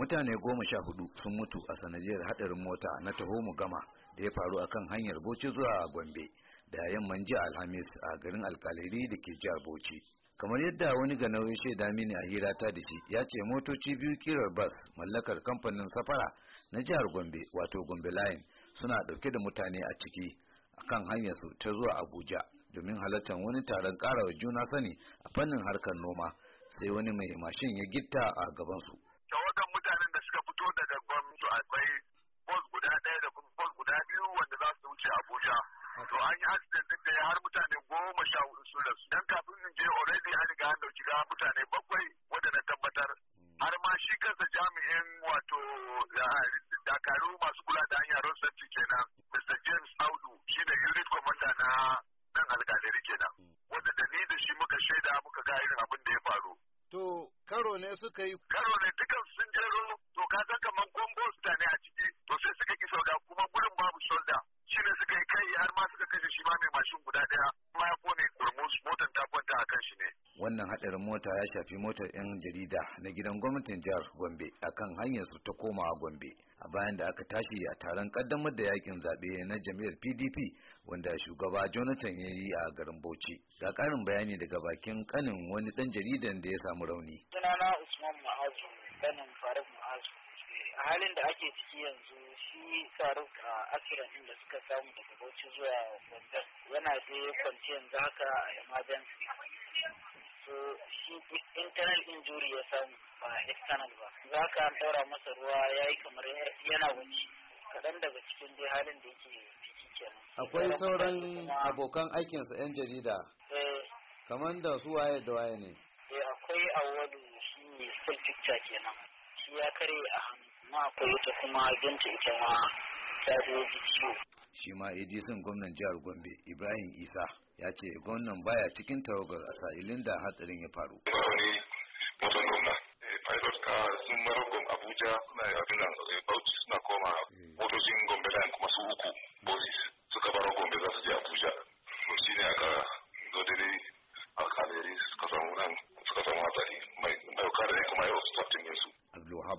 mutane goma sha hudu sun mutu a sanadiyar hadarin mota na taho gama da ya faru akan hanyar bauchi zuwa gombe da yamman jiya alhamis a garin alkaliri da ke jihar bauchi kamar yadda wani ga nauyin shaida mini a hira ta da shi ya ce motoci biyu kirar bas mallakar kamfanin safara na jihar gombe wato gombe line suna dauke da mutane a ciki akan hanyar su ta zuwa abuja domin halartar wani taron karawa juna sani a fannin harkar noma sai wani mai mashin ya gitta a gabansu an yi accident din da har mutane goma sha hudu sun rasu dan kafin in je already an riga an dauki ga mutane bakwai wanda na tabbatar har ma shi kansa jami'in wato dakaru masu kula da hanyar road safety kenan Mr James Audu shi ne unit commander na nan alkalari kenan wanda da ni da shi muka shaida muka ga irin abin da ya faru to karo ne suka yi karo ne dukan sun jero to ka san man gombo ne a ne mashin guda ɗaya kuma ya kone kurmus motar ta kwanta a kan shi ne. Wannan haɗarin mota ya shafi motar 'yan jarida na gidan gwamnatin jihar Gombe akan hanyar su ta komawa Gombe. A bayan da aka tashi a taron kaddamar da yakin zaɓe na Jami'ar PDP wanda shugaba Jonathan ya yi a garin Bauchi. Ga ƙarin bayani daga bakin kanin wani ɗan jaridan da ya samu rauni. Sunana Usman a halin da ake ciki yanzu shi faruk a asirin da suka samu daga bauchi zuwa london yana ya kwanci yanzu haka a emergency so shi internal injury ya samu ba external ba za ka an ɗora masa ruwa ya yi kamar yana wuce kaɗan daga cikin dai halin da yake ciki kenan akwai sauran abokan aikinsa 'yan jarida eh. kamar da su waye da waye ne eh, akwai awadu shi ne full picture kenan ya karye a hannu kuma akwai wata kuma binta ita ma ta zo ciwo shi ma edison gwamnan jihar gombe ibrahim isa ya ce gwamnan baya cikin tawagar a sa'ilin da hatsarin ya faru gwamna, eh, sun abuja suna yi abin nan eh, bauchi suna koma eh. motocin gombe line kuma su uku boys suka baro gombe za su je abuja to shi ne aka zo dare alkalari suka samu nan suka samu hatsari mai daukar